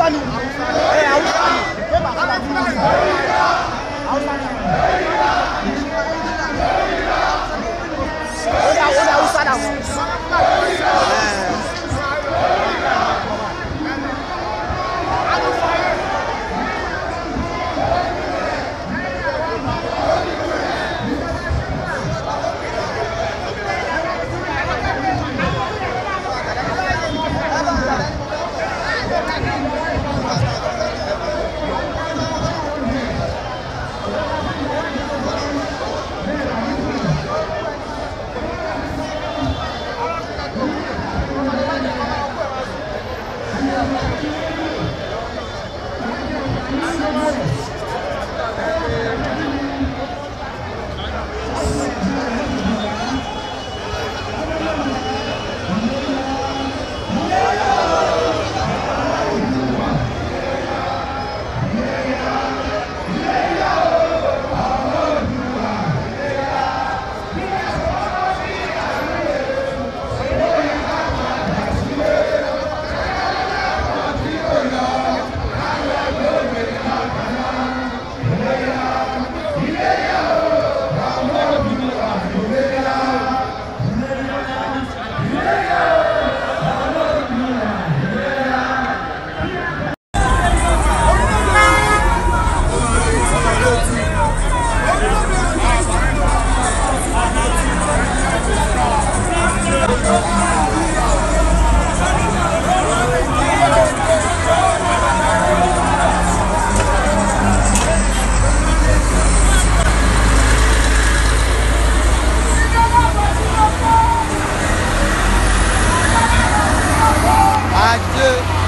Hausa ne. Hausa ne. Kai ba Hausa ne. Hausa ne. Yeah.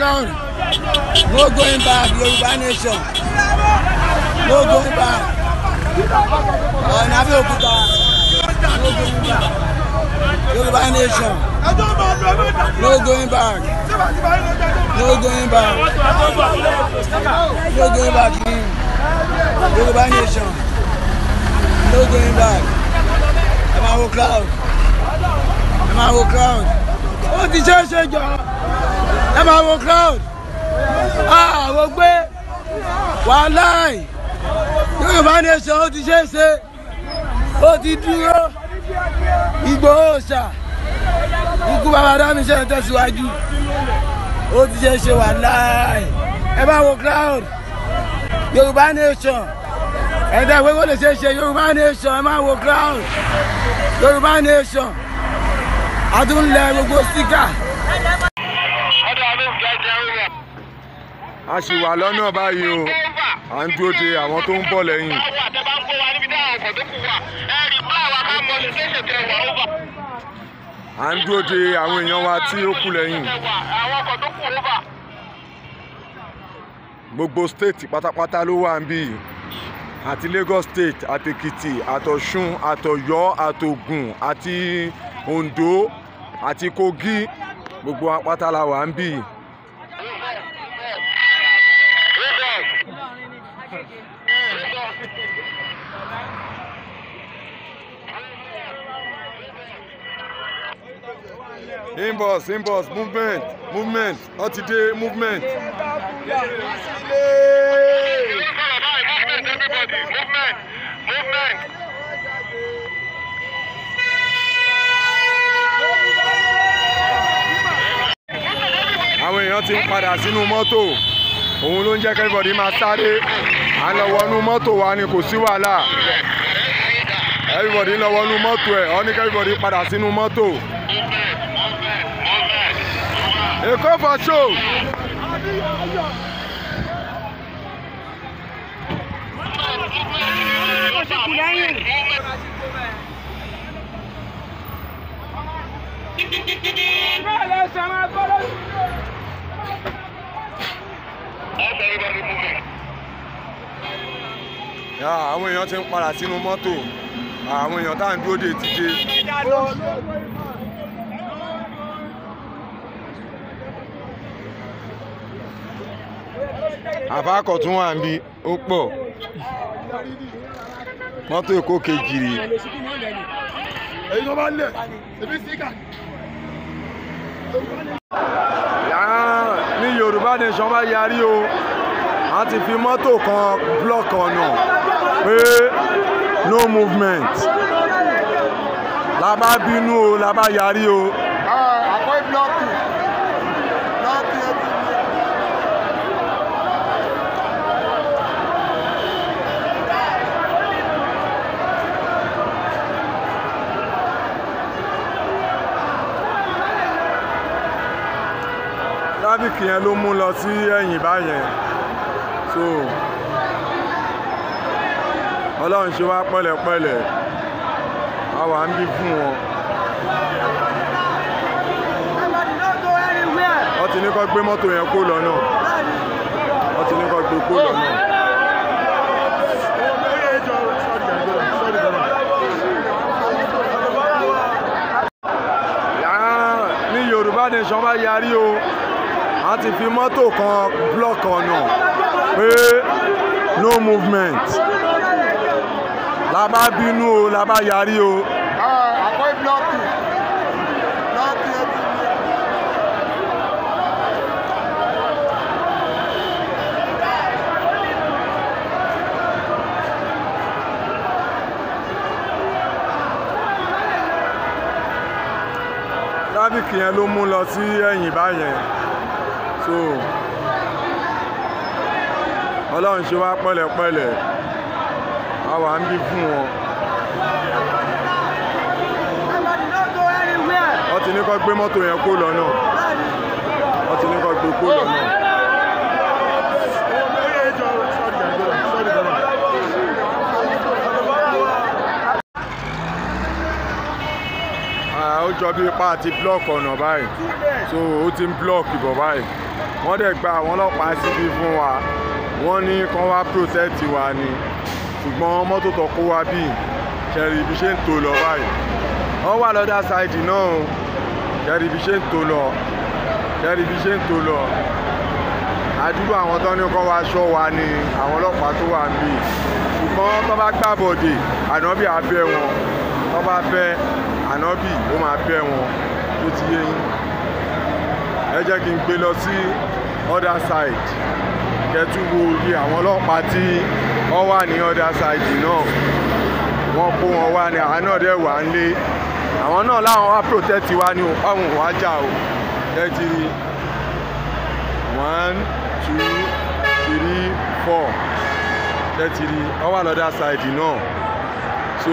ground no going back yorùbá nation no going back ọ̀nà abẹ́òkúta no going back yorùbá nation no going back no going back no going back yìí yorùbá nation no going back ẹ máa wo crowd ẹ máa wo crowd ó ti ṣe é ṣe ẹ máa wo crowd àwọn ah, gbé wàláì yorùbá nation ó ti ṣe é ṣe ó ti dúró Ìgbòho ṣà ikú bàbá dámíṣẹ́ tẹ̀síwájú ó ti ṣe é ṣe wàláì ẹ máa wo crowd yorùbá nation ẹ̀dá ìwé wo lè ṣe é ṣe yorùbá nation ẹ máa wo crowd yorùbá nation a tún lẹ gbogbo sticker. a sì wà lọ́nà báyìí o à ń dúró de àwọn tó ń bọ̀ lẹ́yìn. à ń dúró de àwọn èèyàn wa tí ó kù lẹ́yìn. gbogbo state pátápátá ló wà ń bí àti Lagos state àtèkìtì àtọ̀ṣun àtọ̀yọ́ àtògùn àti Ondo àti Kogi gbogbo apátá la wà ń bí. inbox inbox movement movement wọ́n ti dé movement. movement movement. àwọn èèyàn ti ń padà sínú mọ́tò òun ló ń jẹ́ kẹ́rìbọ̀dì máa sáré à ń lọ wọnú mọ́tò wa ni kò sí wàhálà kẹ́rìbọ̀dì ń lọ wọnú mọ́tò ẹ̀ ọ́ ní kẹ́rìbọ̀dì padà sínú mọ́tò. Èkó for show. àwọn èèyàn ti ń padà sínú mọ́tò àwọn èèyàn tá à ń dúró dè ti dé. àfáàkọ̀ tún wà níbi ó pọ̀ mọ́tò èkó kejì rèé. èyí tó bá ń lẹ̀ ebi síkà. ní Yorùbá nation bá yarí o a ti fi mọ́tò kan block ọ̀nà pé no movement la bá bínú o la bá yarí o. àkọ́ ah, ìbílọ̀kù. tírafíkì yẹn ló mú lọ sí ẹ̀yìn báyẹn so ọlọ́run ṣe wá pẹ̀lẹ́pẹ̀lẹ́ a wà ń bí fún wọn. wọ́n ti ní kó gbé mọ́tò yẹn kó lọ náà wọ́n ti ní kó gbé kó lọ náà. ní Yorùbá nation bá yarí o àwọn ti fi mọ́tò kan block ọ̀nà pé no movement la bá bínú o la bá yarí o. traffic yẹn ló mú lọ sí ẹ̀yìn báyẹn so ọlọ́run ṣe wá pẹ̀lẹ́pẹ̀lẹ́ a wà ń bí fún wọn. wọ́n ti ní kó gbé mọ́tò yẹn kó lọ́nà wọ́n ti ní kó gbé kó lọ́nà. ó jọ bí ipá àti block ọ̀nà báyìí so ó ti ń block ìbọ̀ báyìí wọ́n dẹ̀ gba àwọn ọlọ́pàá síbí fún wa wọ́n ní kán wá protect wa ni ṣùgbọ́n mọ́tò tó kó wa bíi kẹrì ibi ṣe ń tò lọ báyìí wọ́n wà lọ́dà ṣáìdì náà o kẹrì ibi ṣe ń tò lọ kẹrì ibi ṣe ń tò lọ àdúgbò àwọn tó ní kán wá ṣọ́ wa ni àwọn ọlọ́pàá tó wà ń bì ṣùgbọ́n tó bá gbàbọ̀dè ànábì á bẹ́ wọn tó bá bẹ́ ànábì ó máa bẹ́ wọn ó ti yé yín jẹ́ kí n gbé lọ sí other side kẹtù wo iye àwọn ọlọ́pàá tí wọ́n wà ní other side náà wọ́n kó wọn wá ní àwọn náà dẹ̀ wà ń lé àwọn náà láwọn wá protect wa ní ọ̀hún wá jà o ẹ ti rí one two three four ẹ ti rí ọ wà lọ́dà side náà so.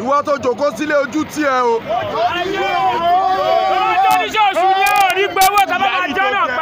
ìwọ tó jòkó sílé ojú tí ẹ o. ayé o ọjọ́ iṣẹ́ oṣù ni a ò rí gbowó kàmá àjọ náà.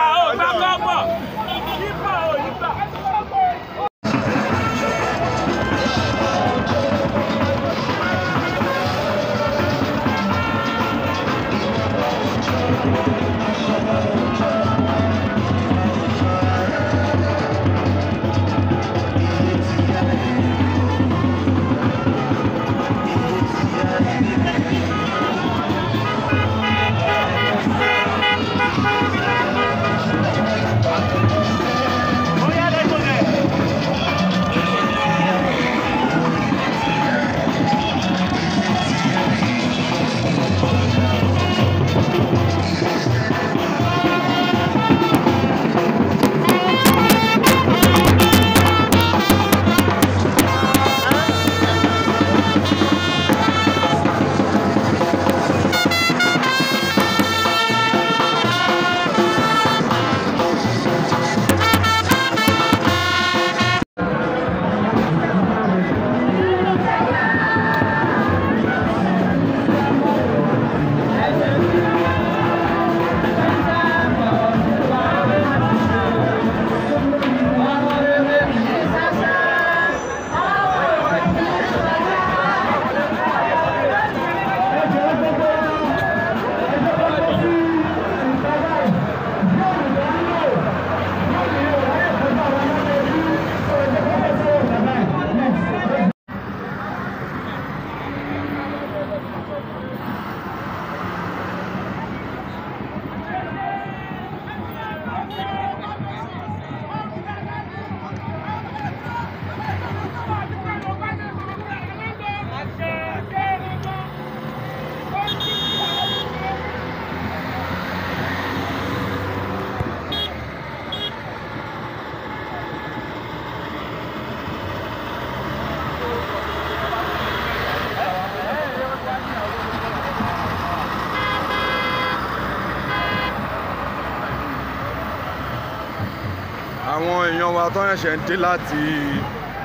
wa tó ṣẹ̀ṣẹ̀ ń dé láti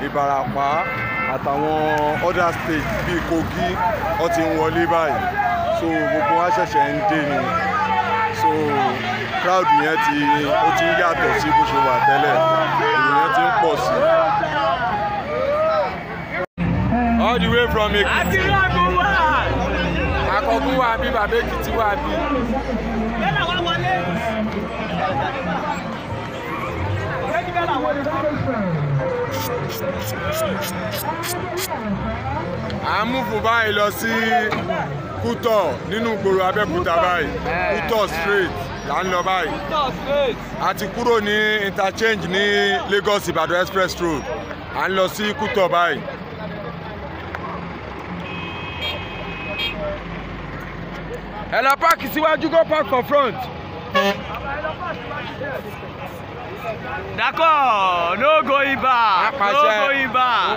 Ìbàràpá àtàwọn other state bíi Kogi ó ti ń wọlé báyìí so gbogbo wa ṣẹ̀ṣẹ̀ ń dé ni so crowd yẹn ti ó ti ń yàtọ̀ sí bó ṣe wà tẹ́lẹ̀ ènìyàn ti ń pọ̀ sí all the way from Èkìtì àkọ́kú wa bí bàbá Èkìtì wa bí gẹ́gẹ́ làwọn ti sọ. à ń mú fún báyìí lọ sí kútọ̀ nínú ìgboro abẹ́òkúta báyìí eh. kútọ̀ Street. là ń lọ báyìí a ti kúrò ní interchange ní Lagos ibadan express road à ń lọ sí kútọ̀ báyìí. ẹ lọ páàkì síwájú go park for front. D'accord, no going back. No going back.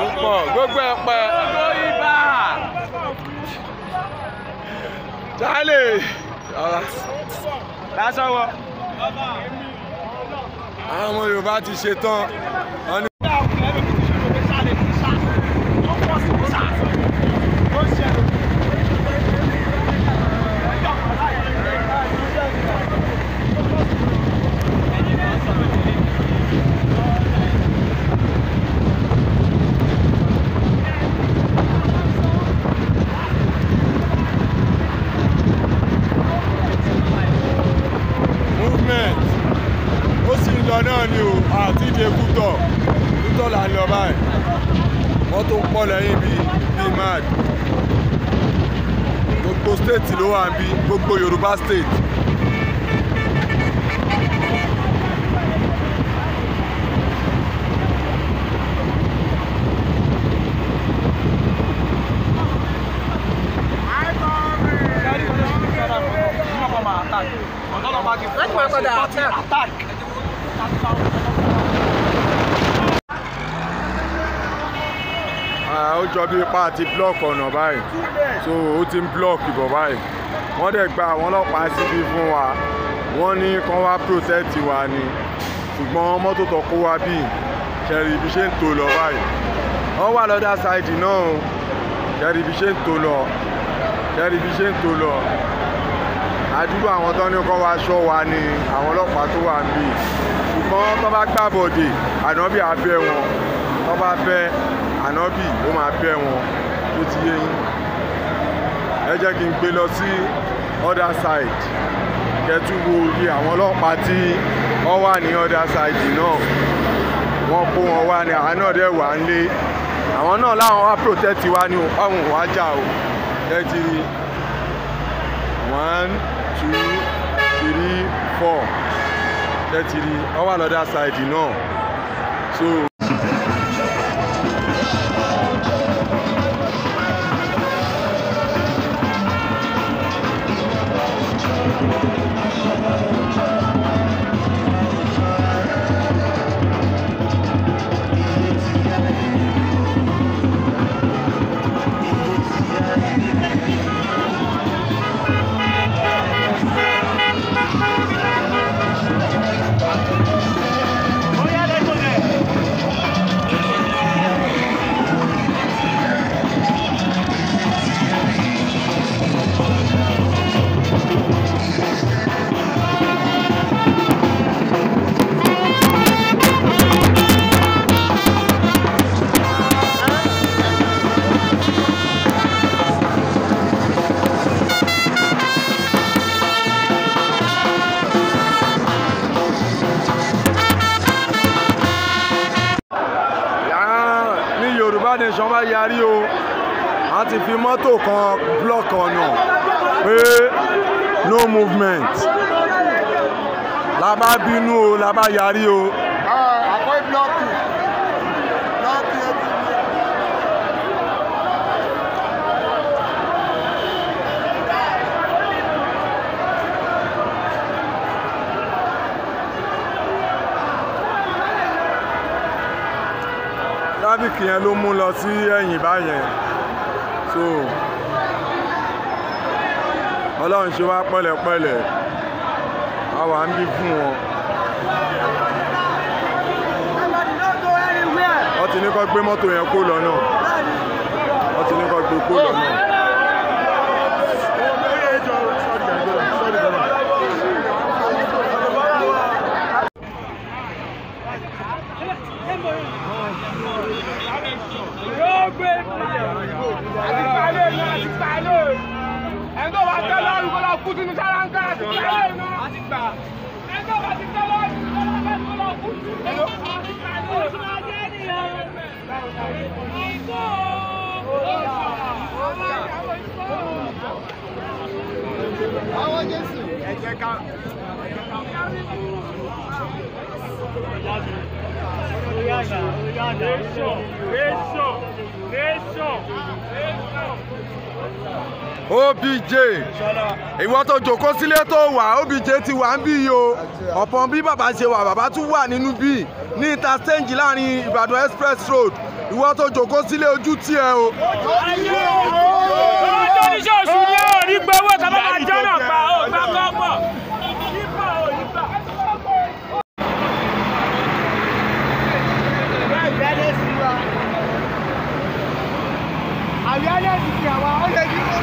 Ó pọ̀ ó pọ̀ go pọ̀ ó pọ̀ ó pọ̀ gbogbo ẹ̀ pẹ́. No going back. Charlie. Lásán wọ. Àwọn ti ṣe tán. Ìgbò Yorùbá state. Let's work on the attack. ó jọ bí ipa àti block ọ̀nà báyìí so ó ti ń block ìbọ̀ báyìí wọ́n dẹ̀ gba àwọn ọlọ́pàá síbí fún wa wọ́n ní kán wá protect wa ni ṣùgbọ́n mọ́tò tó kó wa bíi kẹrì ibi ṣe ń tò lọ báyìí wọ́n wà lọ́dà ṣáìdì náà o kẹrì ibi ṣe ń tò lọ kẹrì ibi ṣe ń tò lọ àdúgbò àwọn tó ní kán wá ṣọ́ wa ni àwọn ọlọ́pàá tó wà níbí ṣùgbọ́n tó bá gbàbọ̀dè ànábì á wọn tó bá fẹ́ ànábì ó máa bẹ́ wọn tó ti yé yín ẹ jẹ́ kí n gbé lọ sí other side kẹtù wo iye àwọn ọlọ́pàá tí wọ́n wà ní other side náà wọ́n kó wọn wá ní àwọn náà dẹ̀ wà ń lé àwọn náà láwọn wá protect wa ní òpáwọn wá jà o ẹ ti rí one two three four ẹ ti rí wọ́n wà lọ́dà side náà so. mọ́tò kan block ọ̀nà pé no movement la bá bínú o la bá yarí o. Ah, traffic yẹn ló mú lọ sí ẹ̀yìn báyẹn so ọlọ́run ṣe wá pẹ̀lẹ́pẹ̀lẹ́ a wà ń bí fún wọn. wọ́n ti ní kó gbé mọ́tò yẹn kó lọ náà wọ́n ti ní kó gbé kó lọ náà. OBJ ìwọ tó jókòó sílé tó wà OBJ ti wà ń bí yìí o ọ̀pọ̀n bí bàbá ṣe wà bàbá tún wà nínú bí ní interchange láàrin Ìbàdàn Express Road ìwọ tó jókòó sílé ojú tí ẹ o. ọjọ́ iṣẹ́ oṣù ni ó rí gbowó tàbí àjọ náà pa ọgbà kọ́pọ̀. àbí alẹ́ ti fi àwa ó lè dúró.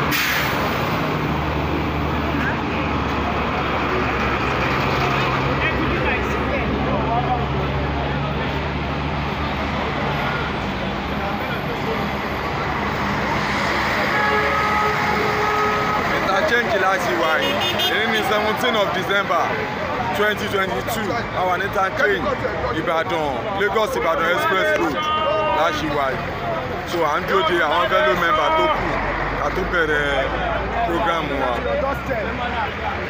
change láti wà yìí èyí ni seventeen of december twenty twenty two àwọn níta change ìbàdàn lagos ìbàdàn express road láti wà so à ń dúró de àwọn fellow member tó kù ká tó bẹ̀rẹ̀ wa.